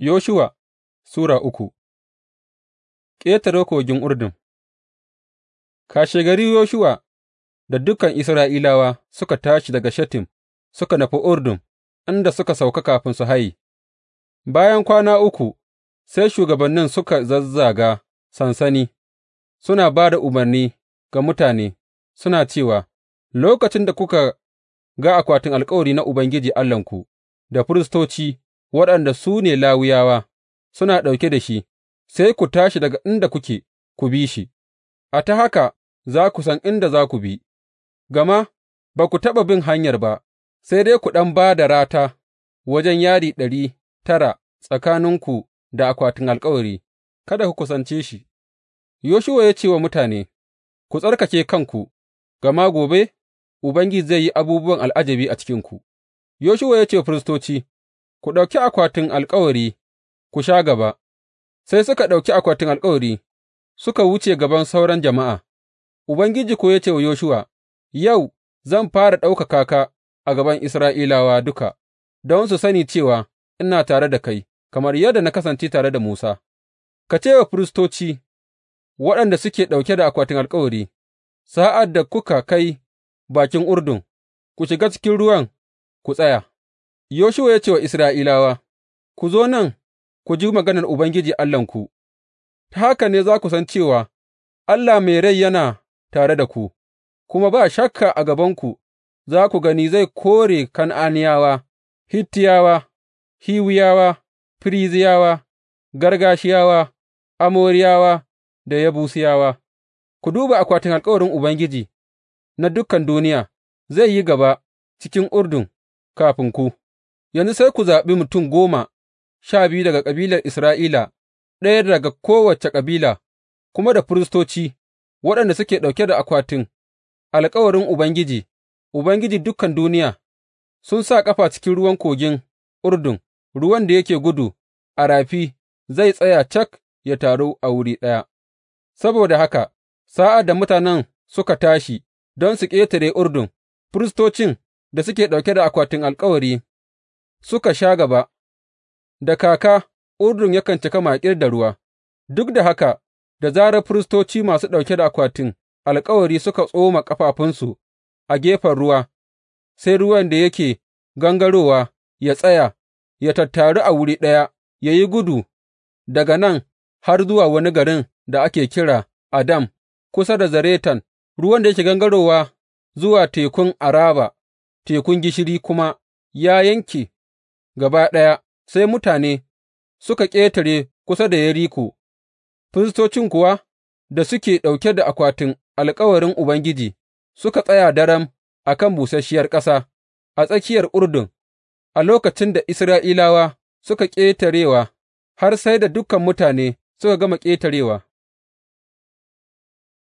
Yoshuwa Sura uku Ƙetare kogin Urdun Kashegari Yoshuwa da dukan Isra'ilawa suka tashi daga Shittim suka nufi Urdun, inda suka sauka kafin su haye, bayan kwana uku sai shugabannin suka zazzaga sansani, suna ba da umarni ga mutane, suna cewa, Lokacin da kuka ga akwatin alkawari na Ubangiji Allahnku da firistoci waɗanda su ne Lawiyawa, suna ɗauke da shi, sai ku tashi daga inda kuke ku bi shi, a ta haka za ku san inda za ku bi, gama ba ku taɓa bin hanyar ba, sai dai ku ɗan ba da rata wajen yari ɗari tara tsakaninku da akwatin alkawari, kada ku kusance shi. Yoshuwa ya ce wa mutane, Ku tsarkake kanku, gama gobe Ubangiji zai yi abubuwan al'ajabi a cikinku. Yoshuwa ya ce wa firistoci, Ku ɗauki akwatin alkawari ku sha gaba, sai suka ɗauki akwatin alkawari suka wuce gaban sauran jama'a, Ubangiji ko ya ce wa Yoshuwa, Yau zan fara ɗaukaka ka a gaban Isra'ilawa duka, don su sani cewa ina tare da kai, kamar yadda na kasance tare da Musa, ka ce wa firistoci waɗanda suke ɗauke da akwatin alkawari, Sa'ad da kuka kai bakin Urdun, ku shiga cikin ruwan ku tsaya. Yoshuwa ya ce wa Isra'ilawa, Ku zo nan ku ji maganar Ubangiji Allahnku, ta haka ne za ku san cewa Allah mai rai yana tare da ku, kuma ba shakka a gabanku za ku gani zai kore Kan'aniyawa, Hittiyawa, Hiwiyawa, Firiziyawa, Gargashiyawa, Amoriyawa da Yabusiyawa. Ku duba akwatin alkawarin Ubangiji na dukan duniya zai yi gaba cikin Urdun kafin ku. Yanzu sai ku zaɓi mutum goma sha biyu daga kabilar Isra'ila, ɗaya daga kowace kabila, kuma da firistoci, waɗanda suke ɗauke da akwatin alkawarin Ubangiji, Ubangiji dukan duniya, sun sa ƙafa cikin ruwan kogin Urdun, ruwan da yake gudu a rafi zai tsaya cak ya taru a wuri ɗaya. Saboda haka, sa'ad da mutanen suka tashi don su ƙetare Urdun, firistocin da suke ɗauke da akwatin alkawari suka sha gaba, da kaka Urdun yakan cika maƙir da ruwa, duk da haka, da zarar firistoci masu ɗauke da akwatin alkawari suka tsoma ƙafafunsu a gefen ruwa, sai ruwan da yake gangarowa ya tsaya, ya tattaru a wuri ɗaya, ya yi gudu daga nan har zuwa wani garin da ake kira Adam, kusa da Zaretan, ruwan da yake gangarowa zuwa tekun Araba, tekun gishiri kuma ya yanke. gaba ɗaya, sai mutane suka ƙetare kusa da Yeriko, firistocin kuwa da suke ɗauke da akwatin alkawarin Ubangiji suka tsaya daram a kan busasshiyar ƙasa a tsakiyar Urdun a lokacin da Isra'ilawa suka ƙetarewa, har sai da dukan mutane suka gama ƙetarewa.